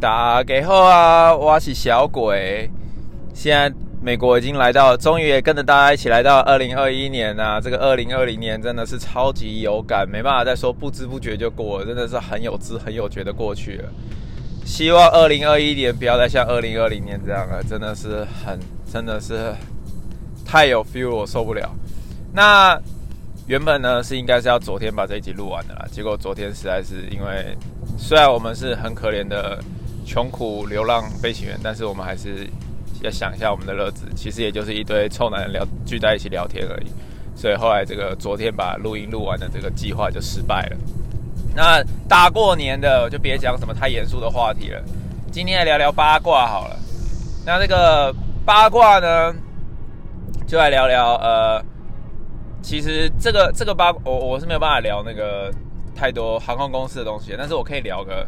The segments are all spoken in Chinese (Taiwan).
打給後啊，挖起小鬼！現在美國已經來到了，終於也跟着大家一起來到二零二一年吶、啊。這個二零二零年真的是超級有感，沒辦法再說，不知不覺就過了，真的是很有知、很有覺的過去了。希望二零二一年不要再像二零二零年這樣了，真的是很、真的是太有 feel，我受不了。那原本呢是應該是要昨天把這一集錄完的啦，結果昨天實在是因為，雖然我們是很可憐的。窮苦流浪飛行員，但是我們還是要想一下我們的樂子，其實也就是一堆臭男人聊聚在一起聊天而已。所以後來這個昨天把錄音錄完的這個計劃就失敗了。那大過年的就別講什麼太嚴肅的話題了，今天來聊聊八卦好了。那這個八卦呢，就來聊聊呃，其實這個這個八我我是沒有辦法聊那個太多航空公司的東西，但是我可以聊個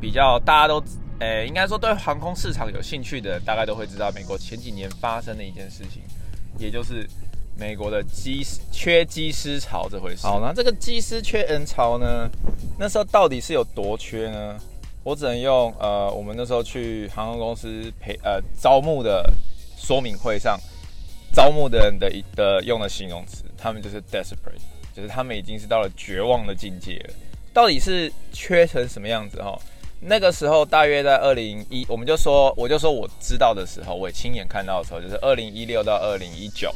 比較大家都。哎、欸，應該說對航空市場有興趣的，大概都會知道美國前幾年發生的一件事情，也就是美國的機缺機師潮這回事。好，那這個機師缺人潮呢，那時候到底是有多缺呢？我只能用呃，我們那時候去航空公司培呃招募的說明會上招募的人的一的用的形容詞，他們就是 desperate，就是他們已經是到了絕望的境界了。到底是缺成什麼樣子哈？那個時候大約在二零一，我們就說，我就說我知道的時候，我也親眼看到的時候，就是二零一六到二零一九，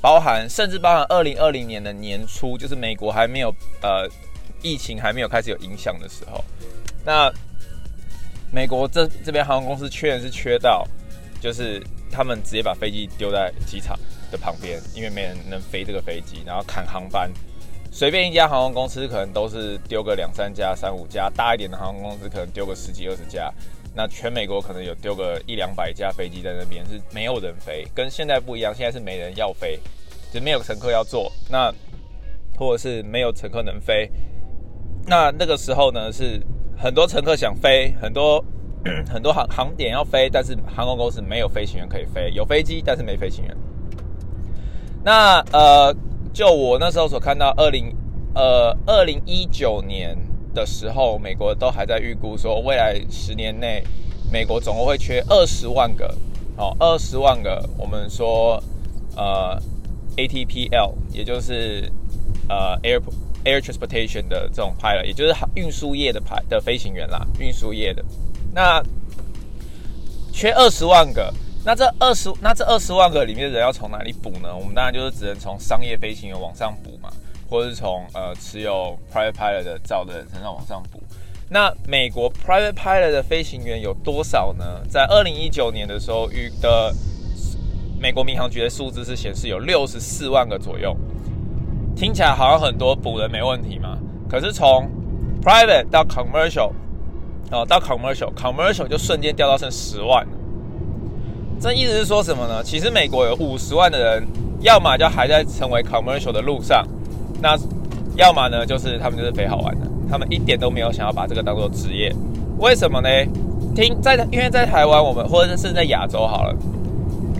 包含甚至包含二零二零年的年初，就是美國還沒有呃疫情還沒有開始有影響的時候，那美國這這邊航空公司缺人是缺到，就是他們直接把飛機丟在機場的旁邊，因為沒人能飛這個飛機，然後砍航班。隨便一家航空公司可能都是丟個兩三架，三五架，大一點的航空公司可能丟個十幾二十架。那全美國可能有丟個一兩百架飛機在那邊是沒有人飛，跟現在不一樣。現在是沒人要飛，就是沒有乘客要坐，那或者是沒有乘客能飛。那那個時候呢，是很多乘客想飛，很多很多航航點要飛，但是航空公司沒有飛行員可以飛，有飛機但是沒飛行員。那呃。就我那時候所看到20，呃，二零呃二零一九年的時候，美國都還在預估說，未來十年內，美國總共會缺二十萬個哦，二十萬個我們說呃 ATPL，也就是呃 air air transportation 的這種 pilot，也就是運輸業的派的飛行員啦，運輸業的那缺二十萬個。那這二十那這二十萬個裡面的人要從哪裡補呢？我們當然就是只能從商業飛行員往上補嘛，或者是從呃持有 private pilot 的照的人身上往上補。那美國 private pilot 的飛行員有多少呢？在二零一九年的時候，與的美國民航局的數字是顯示有六十四萬個左右。聽起來好像很多補的沒問題嘛，可是從 private 到 commercial，啊，哦，到 commercial commercial 就瞬間掉到剩十萬。這意思是說什麼呢？其實美國有五十萬的人，要麼就還在成為 commercial 的路上，那要麼呢，就是他們就是飛好玩的，他們一點都沒有想要把這個當做職業。為什麼呢？聽在，因為在台灣我們，或者是在亞洲好了，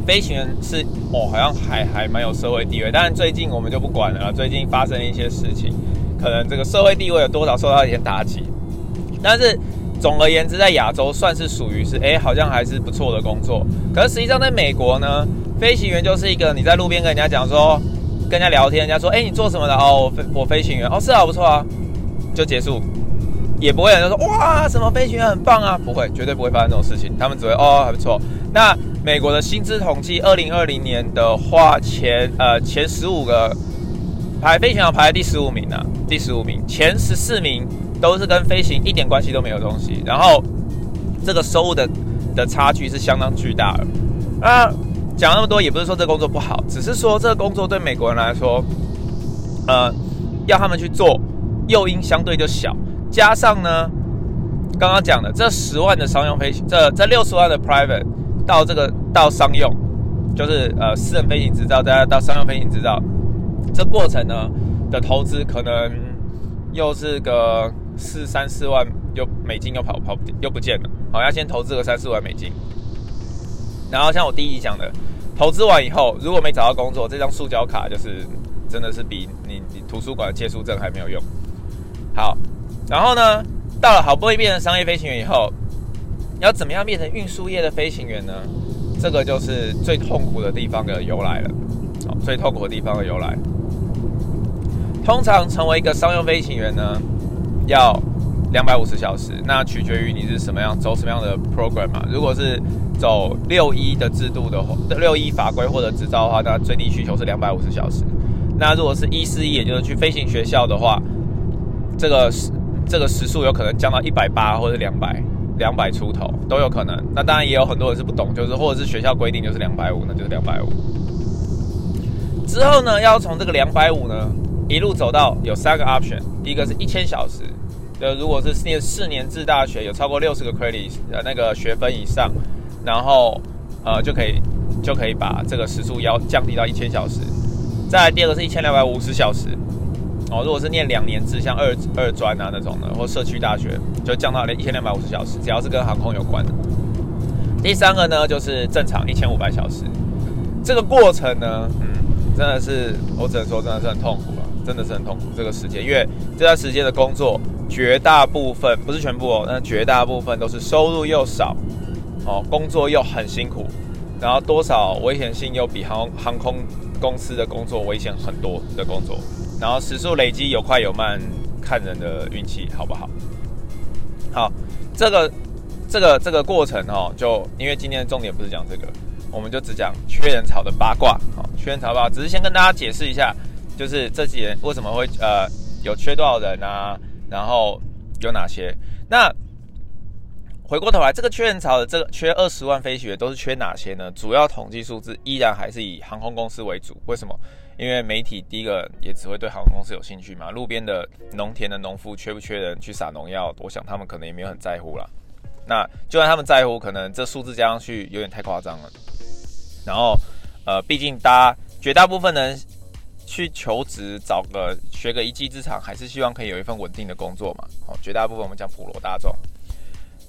飛行員是哦，好像還還蠻有社會地位。但是最近我們就不管了，最近發生一些事情，可能這個社會地位有多少受到一些打擊，但是。總而言之，在亞洲算是屬於是，哎、欸，好像還是不錯的工作。可是實際上，在美國呢，飛行員就是一個你在路邊跟人家講說，跟人家聊天，人家說，哎、欸，你做什麼的？哦，我飛，我飛行員。哦，是啊，不錯啊，就結束。也不會有人說，哇，什麼飛行員很棒啊？不會，絕對不會發生這種事情。他們只會，哦，還不錯。那美國的薪資統計，二零二零年的話，前、呃，前呃前十五個。排飛行要排在第十五名呢。第十五名前十四名都是跟飛行一點關係都沒有東西，然後這個收入的的差距是相當巨大的。那、呃、講那麼多也不是說這個工作不好，只是說這個工作對美國人來說，呃，要他們去做，誘因相對就小，加上呢，剛剛講的這十萬的商用飛行，這這六十萬的 private 到這個到商用，就是呃私人飛行執照，大家到商用飛行執照。這過程呢的投資可能又是個四三四萬又美金又跑跑又不見了，好，要先投資個三四萬美金。然後像我第一講的，投資完以後如果沒找到工作，這張塑膠卡就是真的是比你，你圖書館的借書證還沒有用。好，然後呢，到了好不容易變成商業飛行員以後，要怎麼樣變成運輸業的飛行員呢？這個就是最痛苦的地方的由來了。最痛苦的地方的由來，通常成為一個商用飛行員呢，要兩百五十小時。那取決於你是什麼樣走什麼樣的 program 嘛、啊。如果是走六一、e、的制度的話，六一、e、法規或者執照的話，那最低需求是兩百五十小時。那如果是一四一，也就是去飛行學校的話，這個時這個時數有可能降到一百八或者兩百兩百出頭都有可能。那當然也有很多人是不懂，就是或者是學校規定就是兩百五，那就是兩百五。之後呢，要從這個兩百五呢一路走到有三個 option，第一個是一千小時，呃，如果是念四,四年制大學，有超過六十個 credit 呃，那個學分以上，然後呃就可以就可以把這個時數要降低到一千小時。再來第二個是一千兩百五十小時，哦，如果是念兩年制，像二二專啊那種的，或社區大學，就降到一千兩百五十小時，只要是跟航空有關的。第三個呢就是正常一千五百小時，這個過程呢，嗯真的是，我只能說，真的是很痛苦啊！真的是很痛苦這個時間，因為這段時間的工作，絕大部分不是全部哦，但絕大部分都是收入又少，哦，工作又很辛苦，然後多少危險性又比航航空公司的工作危險很多的工作，然後時數累積有快有慢，看人的運氣好不好。好，這個這個這個過程哦，就因為今天的重點不是講這個，我們就只講缺人潮的八卦，好、哦。缺人潮吧，只是先跟大家解釋一下，就是這幾年為什麼會呃有缺多少人啊，然後有哪些。那回過頭來，這個缺人潮的這個缺二十萬飛行員都是缺哪些呢？主要統計數字依然還是以航空公司為主。為什麼？因為媒體第一個也只會對航空公司有興趣嘛。路邊的農田的農夫缺不缺人去撒農藥？我想他們可能也沒有很在乎啦。那就算他們在乎，可能這數字加上去有點太誇張了。然後。呃，畢竟大家絕大部分人去求職找個學個一技之長，還是希望可以有一份穩定的工作嘛。哦，絕大部分我們講普羅大眾。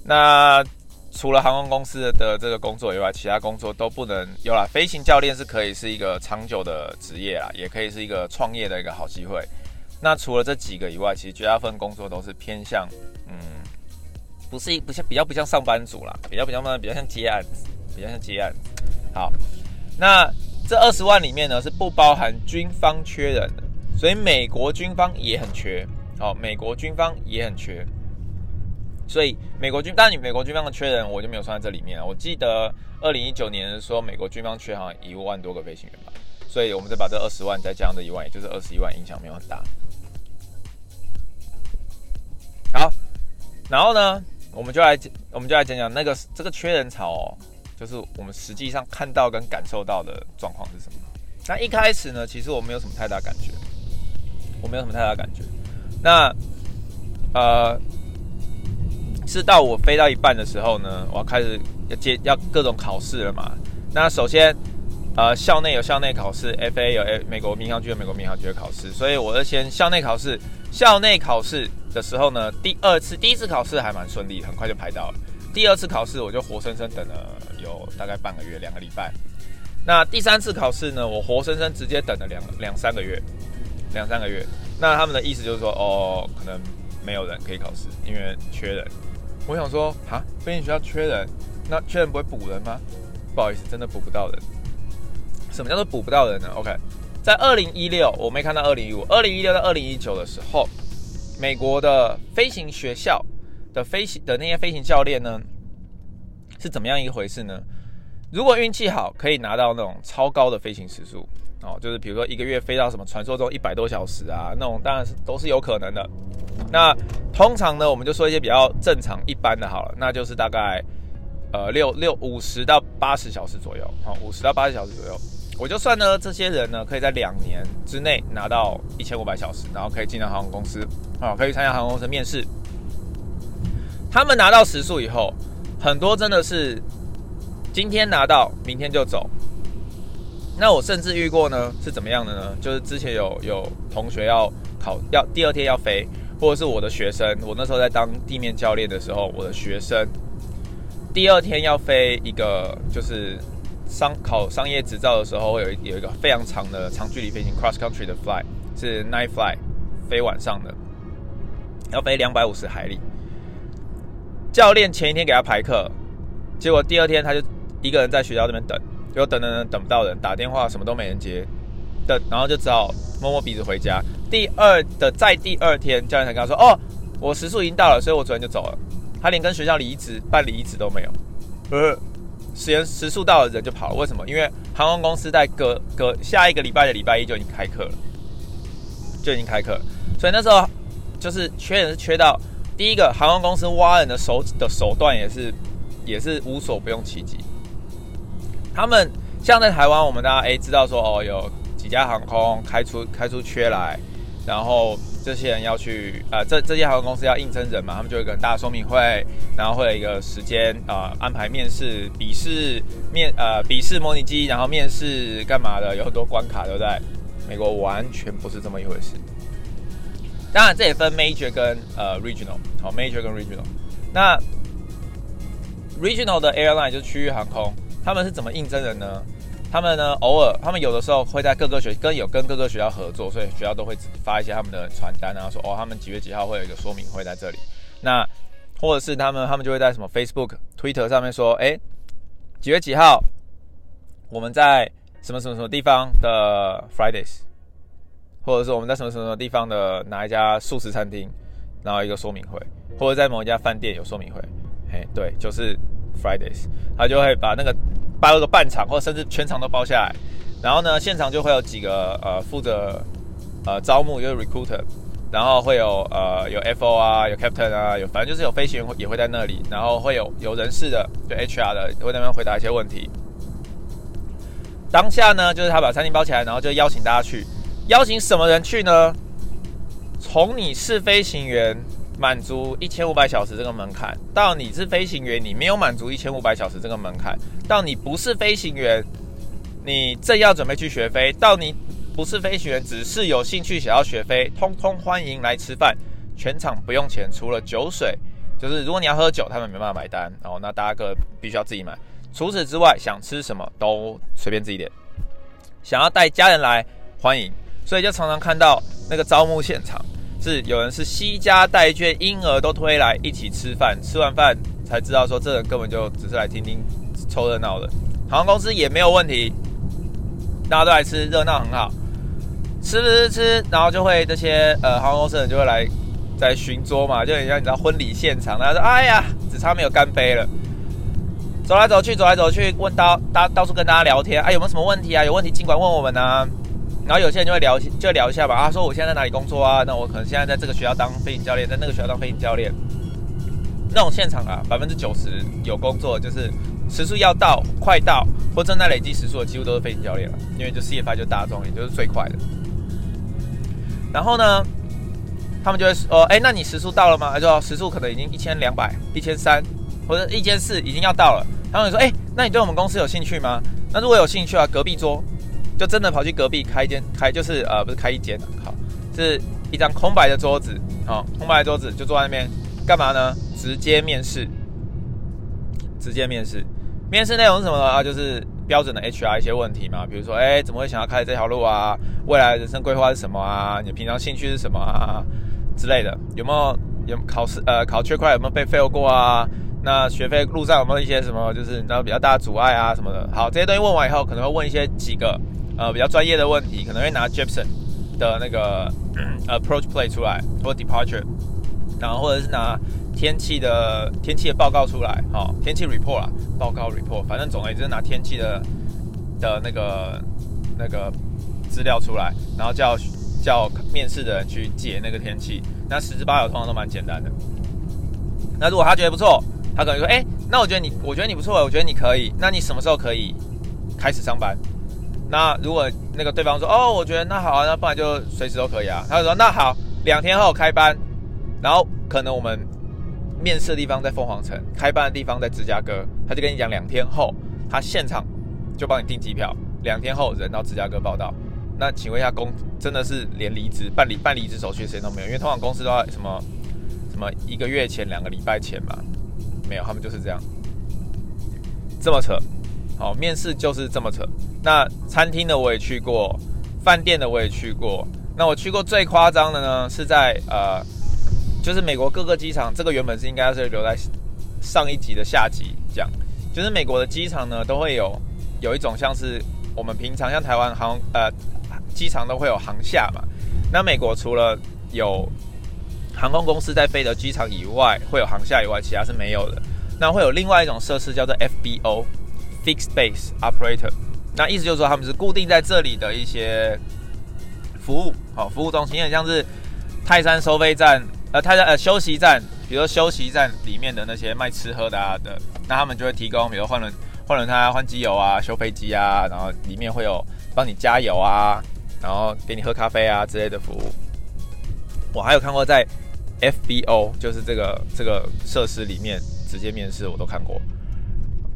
那除了航空公司的這個工作以外，其他工作都不能有了。飛行教練是可以是一個長久的職業啊，也可以是一個創業的一個好機會。那除了這幾個以外，其實絕大部分工作都是偏向嗯，不是一不像比較不像上班族啦，比較比較慢，比較像接案子，比較像接案子。好。那這二十萬裡面呢，是不包含軍方缺人的，所以美國軍方也很缺，哦，美國軍方也很缺，所以美國軍，當然美國軍方的缺人，我就沒有算在這裡面了。我記得二零一九年的時候，美國軍方缺好像一萬多個飛行員吧，所以我們再把這二十萬再加上這一萬，也就是二十一萬，影響沒有很大。好，然後呢，我們就來，我們就來講講那個這個缺人潮，哦。就是我們實際上看到跟感受到的狀況是什麼？那一開始呢，其實我沒有什麼太大感覺，我沒有什麼太大感覺。那，呃，是到我飛到一半的時候呢，我要開始要接要各種考試了嘛。那首先，呃，校內有校內考試，FA 有美美國民航局有美國民航局的考試，所以我是先校內考試。校內考試的時候呢，第二次第一次考試還蠻順利，很快就排到了。第二次考試我就活生生等了有大概半個月，兩個禮拜。那第三次考試呢，我活生生直接等了兩兩三個月，兩三個月。那他們的意思就是說，哦，可能沒有人可以考試，因為缺人。我想說，蛤，飛行學校缺人，那缺人不會補人嗎？不好意思，真的補不到人。什麼叫做補不到人呢？OK，在二零一六，我沒看到二零一五、二零一六到二零一九的時候，美國的飛行學校。的飛行的那些飛行教練呢，是怎麼樣一回事呢？如果運氣好，可以拿到那種超高的飛行時數。哦，就是比如說一個月飛到什麼傳說中一百多小時啊，那種當然是都是有可能的。那通常呢，我們就說一些比較正常一般的好了，那就是大概呃六六五十到八十小時左右，好，哦，五十到八十小時左右。我就算呢，這些人呢可以在兩年之內拿到一千五百小時，然後可以進到航空公司，啊、哦，可以參加航空公司面試。他們拿到時數以後，很多真的是今天拿到，明天就走。那我甚至遇過呢，是怎麼樣的呢？就是之前有有同學要考，要第二天要飛，或者是我的學生，我那時候在當地面教練的時候，我的學生第二天要飛一個，就是商考商業執照的時候有，有有一個非常長的長距離飛行 （cross country 的 fly），是 night fly，飛晚上的，要飛兩百五十海里。教練前一天給他排課，結果第二天他就一個人在學校這邊等，結果等等等等不到人，打電話什麼都沒人接，等然後就只好摸摸鼻子回家。第二的在第二天，教練才跟他說：“哦，我時速已經到了，所以我昨天就走了。”他連跟學校離職、辦離職都沒有。呃，時間時速到了人就跑了。為什麼？因為航空公司在隔隔下一個禮拜的禮拜一就已經開課了，就已經開課了，所以那時候就是缺人是缺到。第一個，航空公司挖人的手的手段也是，也是無所不用其極。他們像在台灣，我們大家誒、欸、知道說哦，有幾家航空開出開出缺來，然後這些人要去啊、呃，這這些航空公司要應徵人嘛，他們就有一個大說明會，然後會有一個時間啊、呃、安排面試、筆試、面呃筆試模擬機，然後面試幹嘛的，有很多關卡都在。美國完全不是這麼一回事。當然，這也分 major 跟、呃、regional, major 跟呃 regional，好 major 跟 regional。那 regional 的 airline 就是區域航空，他們是怎麼應徵的呢？他們呢，偶爾他們有的時候會在各個學跟有跟各個學校合作，所以學校都會發一些他們的傳單啊，說哦，他們幾月幾號會有一個說明會在這裡。那或者是他們他們就會在什麼 Facebook、Twitter 上面說，誒、欸，幾月幾號，我們在什麼什麼什麼地方的 Fridays。或者是我們在什麼什麼什麼地方的哪一家素食餐廳，然後一個說明會，或者在某一家飯店有說明會，嘿，對，就是 Fridays，他就會把那個包個半場，或者甚至全場都包下來，然後呢，現場就會有幾個呃負責呃招募有 recruiter，然後會有呃有 FO 啊，有 captain 啊，有反正就是有飛行員也會在那裡，然後會有有人事的，就 HR 的會在那邊回答一些問題。當下呢，就是他把餐廳包起來，然後就邀請大家去。邀請什麼人去呢？從你是飛行員，滿足一千五百小時這個門檻，到你是飛行員，你沒有滿足一千五百小時這個門檻，到你不是飛行員，你正要準備去學飛，到你不是飛行員，只是有興趣想要學飛，通通歡迎來吃飯，全場不用錢，除了酒水，就是如果你要喝酒，他們沒辦法買單，哦，那大家個人必須要自己買。除此之外，想吃什麼都隨便自己點，想要帶家人來，歡迎。所以就常常看到那個招募現場，是有人是攜家帶眷，嬰兒都推來一起吃飯，吃完飯才知道說這人根本就只是來聽聽湊熱鬧的，航空公司也沒有問題，大家都來吃熱鬧很好，吃吃吃，然後就會這些呃，航空公司的人就會來在巡桌嘛，就很像你知道婚禮現場，大家說哎呀，只差沒有乾杯了，走來走去走來走去，問到到到處跟大家聊天，哎、啊、有沒有什麼問題啊？有問題盡管問我們啊。然後有些人就會聊，就聊一下吧。啊，說：“我現在在哪裡工作啊？”那我可能現在在這個學校當飛行教練，在那個學校當飛行教練。那種現場啊，百分之九十有工作就是時數要到，快到，或正在累積時數的，幾乎都是飛行教練了、啊，因為就 CFI 就大宗，也就是最快的。然後呢，他們就會說：“哎、呃，那你時數到了嗎？”就說時數可能已經一千兩百、一千三，或者一千四，已經要到了。然後你說：“哎，那你對我們公司有興趣嗎？”那如果有興趣啊，隔壁桌。就真的跑去隔壁開一間，開就是呃，不是開一間，好，是一張空白的桌子，好、哦，空白的桌子就坐在那邊幹嘛呢？直接面試，直接面試，面試內容是什麼的啊？就是標準的 HR 一些問題嘛，比如說，哎，怎麼會想要開這條路啊？未來人生規劃是什麼啊？你平常興趣是什麼啊？之類的，有沒有有考試呃考缺塊有沒有被 fail 過啊？那學飛路上有沒有一些什麼就是你知道比較大的阻礙啊什麼的？好，這些東西問完以後，可能會問一些幾個。呃，比較專業的問題，可能會拿 Jeppesen 的那個、嗯、Approach Plate 出來或 Departure，然後或者是拿天氣的天氣的報告出來，好、哦、天氣 Report 啊，報告 Report，反正總而言之拿天氣的的那個那個資料出來，然後叫叫面試的人去解那個天氣。那十之八九通常都蠻簡單的。那如果他覺得不錯，他可能說：“誒、欸，那我覺得你，我覺得你不錯，我覺得你可以。那你什麼時候可以開始上班？”那如果那個對方說哦，我覺得那好啊，那不然就隨時都可以啊。他就說，那好，兩天後開班，然後可能我們面試的地方在鳳凰城，開班的地方在芝加哥。他就跟你講兩天後，他現場就幫你訂機票，兩天後人到芝加哥報到。那請問一下，公真的是連離職辦理辦離職手續的時間都沒有？因為通常公司都要什麼什麼一個月前、兩個禮拜前嘛，沒有，他們就是這樣，這麼扯。好，面試就是這麼扯。那餐廳的我也去過，飯店的我也去過。那我去過最誇張的呢，是在呃，就是美國各個機場。這個原本是應該是留在上一集的下集講。就是美國的機場呢，都會有有一種像是我們平常像台灣航呃機場都會有航廈嘛。那美國除了有航空公司在飛的機場以外，會有航廈以外，其他是沒有的。那會有另外一種設施叫做 FBO。Fixed Base Operator，那意思就是說他們是固定在這裡的一些服務，好、哦，服務中心很像是泰山收費站，呃，泰山呃休息站，比如說休息站裡面的那些賣吃喝的啊的，那他們就會提供，比如換輪換輪胎、換機油啊、修飛機啊，然後裡面會有幫你加油啊，然後給你喝咖啡啊之類的服務。我還有看過在 FBO，就是這個這個設施裡面直接面試，我都看過，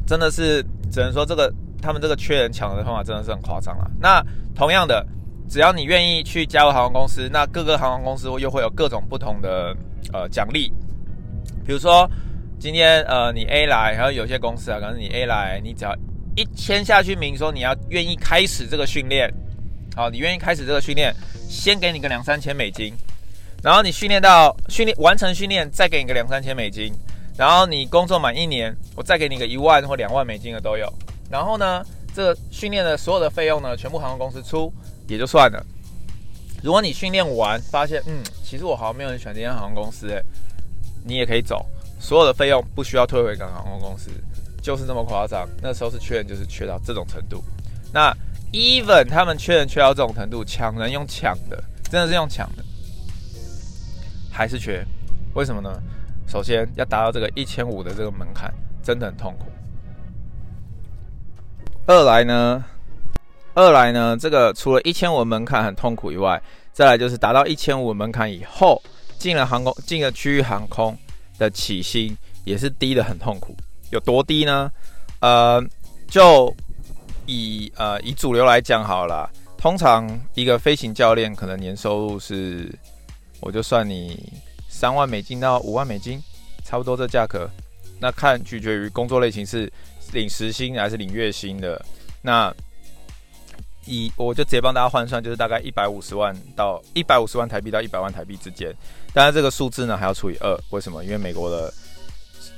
真的是。只能說這個他們這個缺人搶的方法真的是很誇張了。那同樣的，只要你願意去加入航空公司，那各個航空公司又會有各種不同的呃獎勵。比如說今天呃你 A 來，還有有些公司啊，可能你 A 來，你只要一簽下去名，說你要願意開始這個訓練，好，你願意開始這個訓練，先給你個兩三千美金，然後你訓練到訓練完成訓練，再給你個兩三千美金。然後你工作滿一年，我再給你個一萬或兩萬美金的都有。然後呢，這個訓練的所有的費用呢，全部航空公司出也就算了。如果你訓練完發現，嗯，其實我好像沒有人選這間航空公司，誒，你也可以走，所有的費用不需要退回給航空公司，就是這麼誇張。那時候是缺人，就是缺到這種程度。那 Even 他們缺人缺到這種程度，搶人用搶的，真的是用搶的，還是缺？為什麼呢？首先要達到這個一千五的這個門檻，真的很痛苦。二來呢，二來呢，這個除了一千五門檻很痛苦以外，再來就是達到一千五門檻以後，進了航空，進了區域航空的起薪也是低得很痛苦。有多低呢？呃，就以呃以主流來講好了啦，通常一個飛行教練可能年收入是，我就算你。三萬美金到五萬美金，差不多這價格。那看取決於工作類型是領時薪還是領月薪的。那以我就直接幫大家換算，就是大概一百五十萬到一百五十萬台幣到一百萬台幣之間。當然這個數字呢，還要除以二，為什麼？因為美國的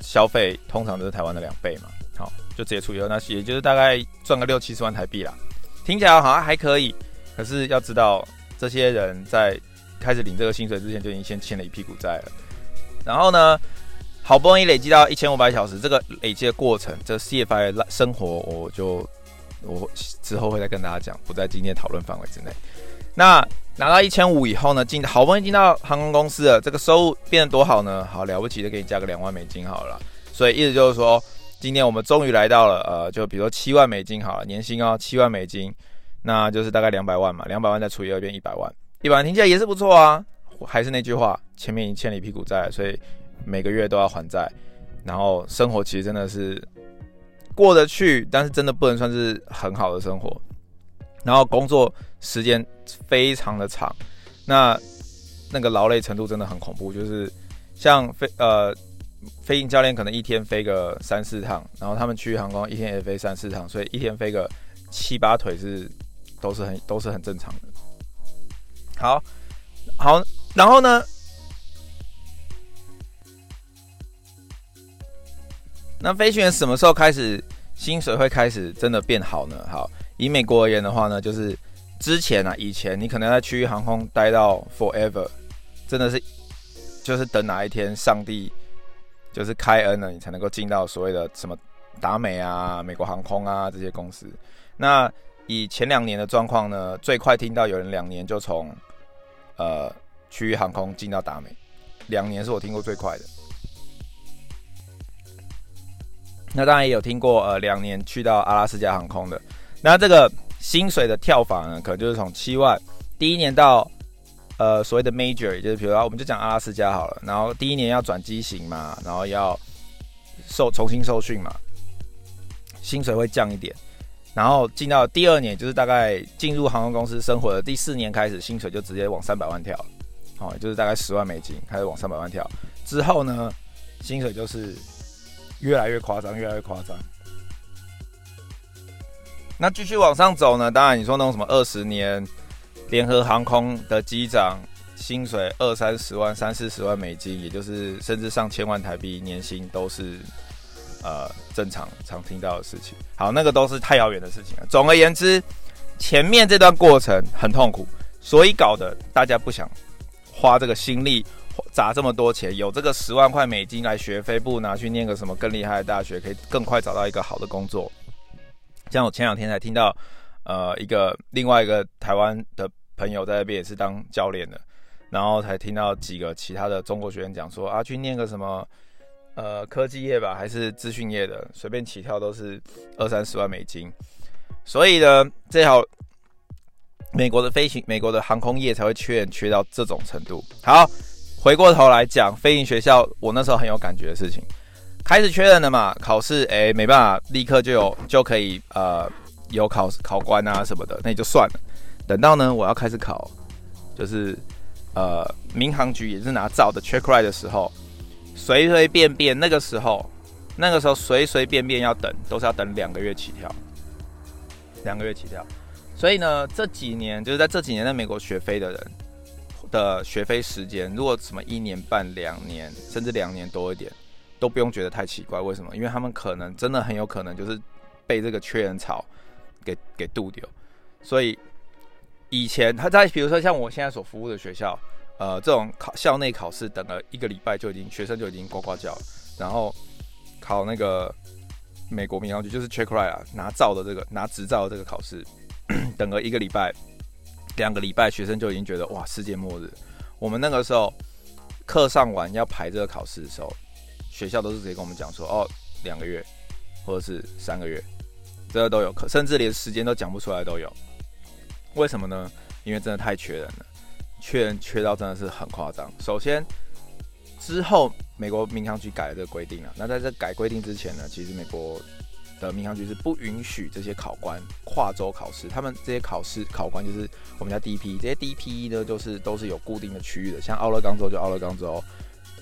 消費通常都是台灣的兩倍嘛。好，就直接除以二，那也就是大概賺個六七十萬台幣啦。聽起來好像還可以，可是要知道這些人在。開始領這個薪水之前，就已經先欠了一屁股債了。然後呢，好不容易累積到一千五百小時，這個累積的過程，這個、CFI 生活，我就我之後會再跟大家講，不在今天討論範圍之內。那拿到一千五以後呢，進好不容易進到航空公司了，這個收入變得多好呢？好了不起的，給你加個兩萬美金好了。所以意思就是說，今天我們終於來到了呃，就比如說七萬美金好了，年薪哦、啊，七萬美金，那就是大概兩百萬嘛，兩百萬再除以二，變一百萬。一般聽起來也是不錯啊，還是那句話，前面已經欠了一屁股債，所以每個月都要還債，然後生活其實真的是過得去，但是真的不能算是很好的生活。然後工作時間非常的長，那那個勞累程度真的很恐怖，就是像飛呃飛行教練可能一天飛個三四趟，然後他們去航空一天也飛三四趟，所以一天飛個七八腿是都是很都是很正常的。好好，然後呢？那飛行員什麼時候開始薪水會開始真的變好呢？好，以美國而言的話呢，就是之前啊，以前你可能在區域航空待到 forever，真的是就是等哪一天上帝就是開恩了，你才能夠進到所謂的什麼達美啊、美國航空啊這些公司。那以前兩年的狀況呢，最快聽到有人兩年就從呃，區域航空進到達美，兩年是我聽過最快的。那當然也有聽過，呃，兩年去到阿拉斯加航空的。那這個薪水的跳法呢，可能就是從七萬第一年到呃，所謂的 major，就是比如說我們就講阿拉斯加好了，然後第一年要轉機型嘛，然後要受重新受訓嘛，薪水會降一點。然後進到第二年，就是大概進入航空公司生活的第四年開始，薪水就直接往三百萬跳了，哦，就是大概十萬美金開始往三百萬跳。之後呢，薪水就是越來越誇張，越來越誇張。那繼續往上走呢？當然，你說那種什麼二十年，聯合航空的機長，薪水二三十萬、三四十萬美金，也就是甚至上千萬台幣年薪都是。呃，正常常聽到的事情。好，那個都是太遙遠的事情了。總而言之，前面這段過程很痛苦，所以搞得大家不想花這個心力，砸這麼多錢，有這個十萬塊美金來學飛，不拿去念個什麼更厲害的大學，可以更快找到一個好的工作。像我前兩天才聽到，呃，一個另外一個台灣的朋友在那邊也是當教練的，然後才聽到幾個其他的中國學生講說啊，去念個什麼。呃，科技業吧，還是資訊業的，隨便起跳都是二三十萬美金。所以呢，最好美國的飛行、美國的航空業才會缺人缺到這種程度。好，回過頭來講，飛行學校我那時候很有感覺的事情，開始缺人了嘛，考試哎、欸、沒辦法，立刻就有就可以呃有考考官啊什麼的，那也就算了。等到呢我要開始考，就是呃民航局也是拿照的 checkride 的時候。隨隨便便，那個時候，那個時候隨隨便便要等都是要等兩個月起跳，兩個月起跳。所以呢，這幾年就是在這幾年在美國學飛的人的學飛時間，如果什麼一年半、兩年，甚至兩年多一點，都不用覺得太奇怪。為什麼？因為他們可能真的很有可能就是被這個缺人潮給給渡掉。所以以前他在，比如說像我現在所服務的學校。呃，這種考校內考試等了一個禮拜就已經學生就已經呱呱叫了，然後考那個美國民航局就是 checkride 啊，拿照的這個拿執照的這個考試， 等了一個禮拜、兩個禮拜，學生就已經覺得哇世界末日。我們那個時候課上完要排這個考試的時候，學校都是直接跟我們講說哦，兩個月或者是三個月，這個都有甚至連時間都講不出來都有。為什麼呢？因為真的太缺人了。缺人缺到真的是很誇張。首先，之後美國民航局改了這個規定啊。那在這改規定之前呢，其實美國的民航局是不允許這些考官跨州考試。他們這些考試考官就是我們叫 DPE 這些 DPE 呢，就是都是有固定的區域的，像奧勒岡州就奧勒岡州，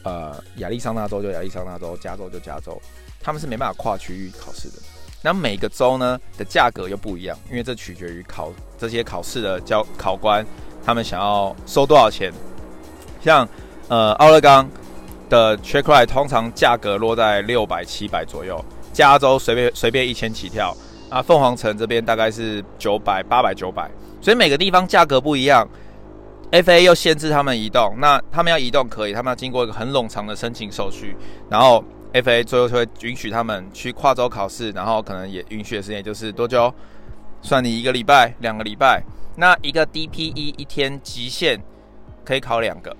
呃，亞利桑那州就亞利桑那州，加州就加州，他們是沒辦法跨區域考試的。那每個州呢的價格又不一樣，因為這取決於考這些考試的教考官。他們想要收多少錢？像，呃，奧勒岡的 checkride 通常價格落在六百、七百左右，加州隨便隨便一千起跳啊，鳳凰城這邊大概是九百、八百、九百，所以每個地方價格不一樣。FAA 又限制他們移動，那他們要移動可以，他們要經過一個很冗長的申請手續，然後 FAA 最後就會允許他們去跨州考試，然後可能也允許的時間就是多久？算你一個禮拜、兩個禮拜。那一個 DPE 一天極限可以考兩個，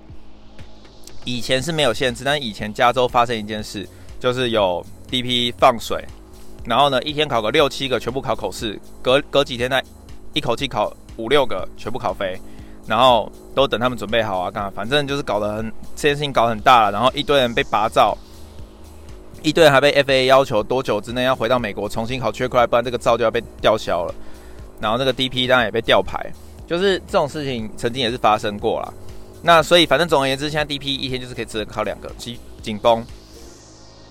以前是沒有限制，但以前加州發生一件事，就是有 DPE 放水，然後呢一天考個六七個，全部考口試，隔隔幾天呢一口氣考五六個，全部考飛，然後都等他們準備好啊，幹嘛？反正就是搞得很這件事情搞很大了，然後一堆人被拔照，一堆人還被 FAA 要求多久之內要回到美國重新考 checkride，不然這個照就要被吊銷了。然後那個 DP 當然也被吊牌，就是這種事情曾經也是發生過了。那所以反正總而言之，現在 DP 一天就是可以只能考兩個，緊緊繃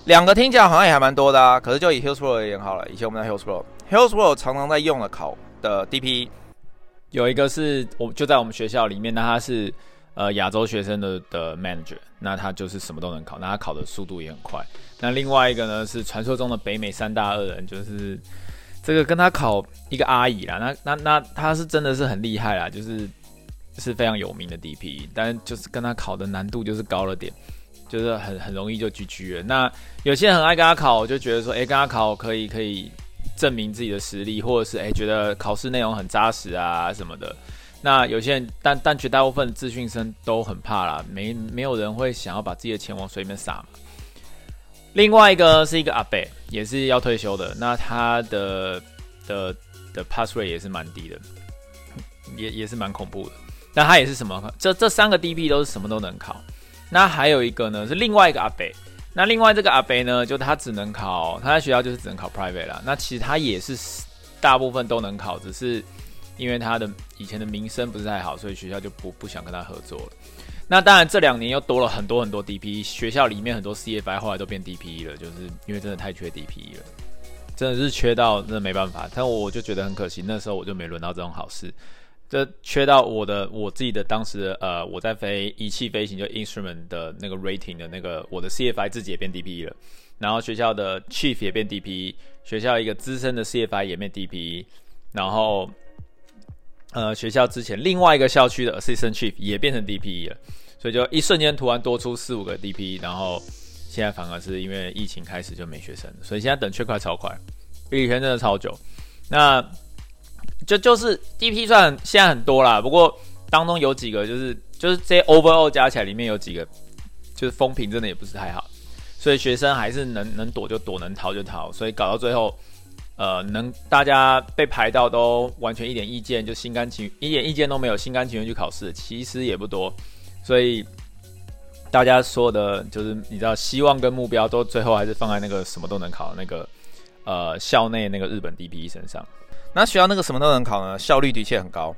兩個聽起來好像也還蠻多的啊。可是就以 Hillsboro 而言好了，以前我們在 Hillsboro，Hillsboro 常常在用的考的 DP，有一個是我就在我們學校裡面，那他是呃亞洲學生的的 manager，那他就是什麼都能考，那他考的速度也很快。那另外一個呢是傳說中的北美三大惡人，就是。這個跟他考一個阿姨啦，那那那他是真的是很厲害啦，就是是非常有名的 DP，但就是跟他考的難度就是高了點，就是很很容易就 GG 了。那有些人很愛跟他考，就覺得說，誒、欸、跟他考可以可以證明自己的實力，或者是誒、欸、覺得考試內容很扎實啊什麼的。那有些人，但但絕大部分的自訓生都很怕啦，沒沒有人會想要把自己的錢往水裡面撒嘛。另外一個是一個阿北，也是要退休的，那他的的的 pass rate 也是蠻低的，也也是蠻恐怖的。那他也是什麼？這這三個 DP 都是什麼都能考。那還有一個呢，是另外一個阿北。那另外這個阿北呢，就他只能考，他在學校就是只能考 private 啦。那其實他也是大部分都能考，只是因為他的以前的名聲不是太好，所以學校就不不想跟他合作了。那當然，這兩年又多了很多很多 DPE，學校裡面很多 CFI 後來都變 DPE 了，就是因為真的太缺 DPE 了，真的是缺到真的沒辦法。但我就覺得很可惜，那時候我就沒輪到這種好事。這缺到我的我自己的當時的呃，我在飛儀器飛行就 instrument 的那個 rating 的那個，我的 CFI 自己也變 DPE 了，然後學校的 chief 也變 DPE，學校一個資深的 CFI 也變 DPE，然後。呃，學校之前另外一個校區的 Assistant Chief 也變成 DPE 了，所以就一瞬間突然多出四五個 DPE，然後現在反而是因為疫情開始就沒學生，所以現在等確快超快，比以前真的超久。那就就是 DPE 算現在很多啦，不過當中有幾個就是就是這些 overall 加起來裡面有幾個就是風評真的也不是太好，所以學生還是能能躲就躲，能逃就逃，所以搞到最後。呃，能大家被排到都完全一點意見就心甘情，一點意見都沒有，心甘情願去考試，其實也不多。所以大家說的就是，你知道，希望跟目標都最後還是放在那個什麼都能考的那個呃校內那個日本 DPE 身上。那學校那個什麼都能考呢？效率的確很高。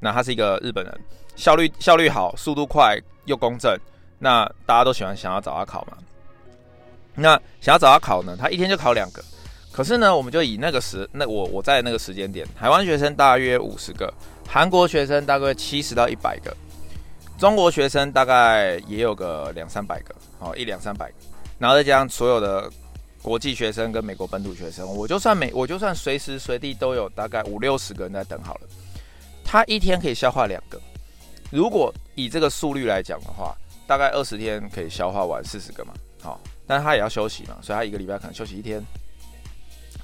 那他是一個日本人，效率效率好，速度快又公正。那大家都喜歡想要找他考嗎？那想要找他考呢？他一天就考兩個。可是呢，我們就以那個時，那我我在那個時間點，台灣學生大約五十個，韓國學生大概七十到一百個，中國學生大概也有個兩三百個，好一兩三百個，然後再加上所有的國際學生跟美國本土學生，我就算每我就算隨時隨地都有大概五六十個人在等好了，他一天可以消化兩個，如果以這個速率來講的話，大概二十天可以消化完四十個嘛，好，但他也要休息嘛，所以他一個禮拜可能休息一天。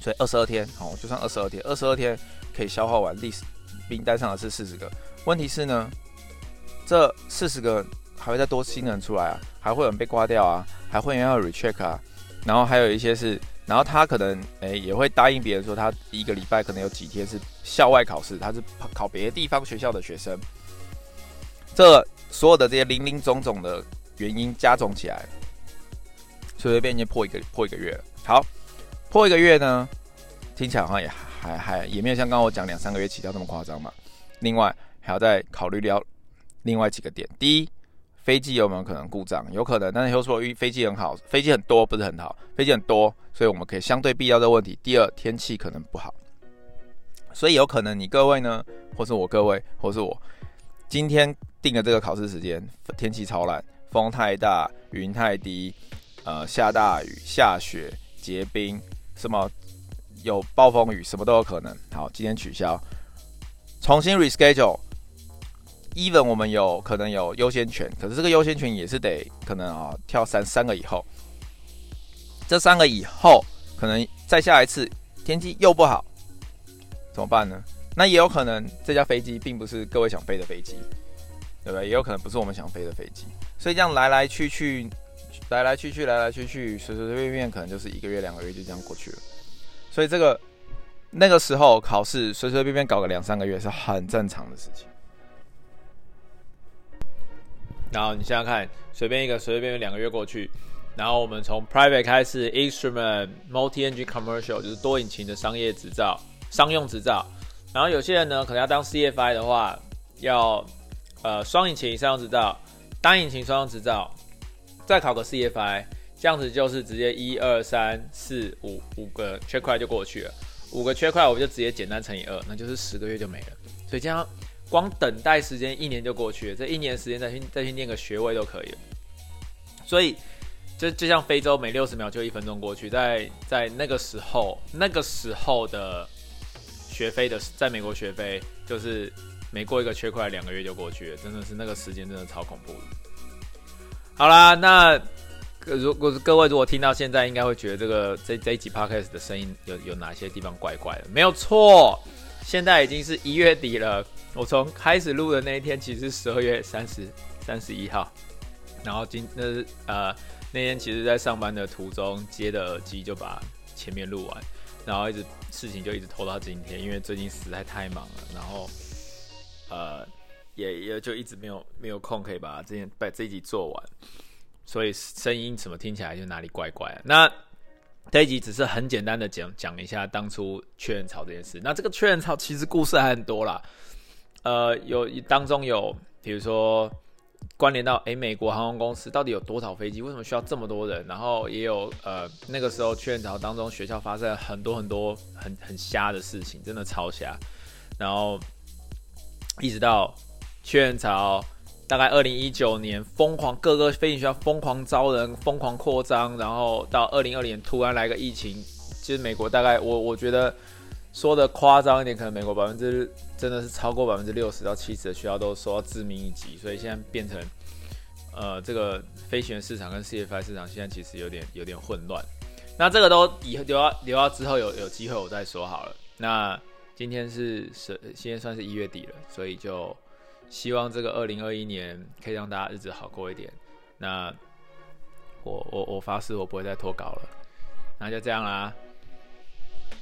所以，二十二天好、哦，就算二十二天，二十二天可以消耗完，歷史名單上的是四十個，問題是呢，這四十個還會再多新人出來啊，還會有人被掛掉啊，還會有人要 recheck 啊，然後還有一些是，然後他可能誒、欸、也會答應別人說，他一個禮拜可能有幾天是校外考試，他是考別的地方學校的學生。這所有的這些零零總總的，原因加總起來，所以就變成破一個破一個月了。好。過一個月呢，聽起來好像也還還也沒有像剛剛我講兩三個月起跳這麼誇張嘛。另外還要再考慮掉另外幾個點：第一，飛機有沒有可能故障？有可能，但是又說飛機很好，飛機很多不是很好，飛機很多，所以我們可以相對避掉這個問題。第二，天氣可能不好，所以有可能你各位呢，或是我各位，或是我今天定的這個考試時間，天氣超爛，風太大，雲太低，呃，下大雨、下雪、結冰。什麼有暴風雨，什麼都有可能。好，今天取消，重新 reschedule。Even 我們有可能有優先權，可是這個優先權也是得可能啊，跳三三個以後，這三個以後可能再下一次天氣又不好，怎麼辦呢？那也有可能這架飛機並不是各位想飛的飛機，對不對？也有可能不是我們想飛的飛機，所以這樣來來去去。來來去去，來來去去，隨隨便便可能就是一個月、兩個月就這樣過去了。所以這個那個時候考試，隨隨便便搞個兩三個月是很正常的事情。然後你想想看，隨便一個，隨隨便便兩個月過去，然後我們從 private 開始 ，instrument multi engine commercial 就是多引擎的商業執照、商用執照。然後有些人呢，可能要當 CFI 的話，要呃雙引擎商用執照、單引擎商用執照。再考個 CFI，這樣子就是直接一二三四五五個缺塊就過去了，五個缺塊我們就直接簡單乘以二，那就是十個月就沒了。所以這樣光等待時間一年就過去了，這一年時間再去再去念個學位都可以了。所以就就像非洲每六十秒就一分鐘過去，在在那個時候那個時候的學飛的，在美國學飛就是每過一個缺塊兩個月就過去了，真的是那個時間真的超恐怖。好啦，那如果各位如果聽到現在，應該會覺得這個這一這一集 Podcast 的聲音有有哪些地方怪怪的？沒有錯，現在已經是一月底了。我從開始錄的那一天，其實十二月三十、三十一號，然後今那是呃那天，其實在上班的途中接的耳機，就把前面錄完，然後一直事情就一直拖到今天，因為最近實在太忙了，然後呃。也也就一直沒有沒有空可以把這件把這一集做完，所以聲音怎麼聽起來就哪裡怪怪，啊。那這一集只是很簡單的講講一下當初缺人潮這件事。那這個缺人潮其實故事還很多啦，呃，有當中有比如說關聯到哎，欸，美國航空公司到底有多少飛機？為什麼需要這麼多人？然後也有呃，那個時候缺人潮當中學校發生了很多很多很很，很瞎的事情，真的超瞎。然後一直到。缺人潮大概二零一九年瘋狂，各個飛行學校瘋狂招人、瘋狂擴張，然後到二零二零年突然來個疫情，其實美國大概我我覺得說的誇張一點，可能美國百分之真的是超過百分之六十到七十的學校都受到致命一擊，所以現在變成呃這個飛行員市場跟 C F I 市場現在其實有點有點混亂。那這個都以後留到留到之後有有機會我再說好了。那今天是是今天算是一月底了，所以就。希望這個2021年可以讓大家日子好過一點。那我我我發誓我不會再拖稿了。那就這樣啦，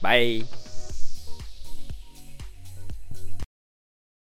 拜。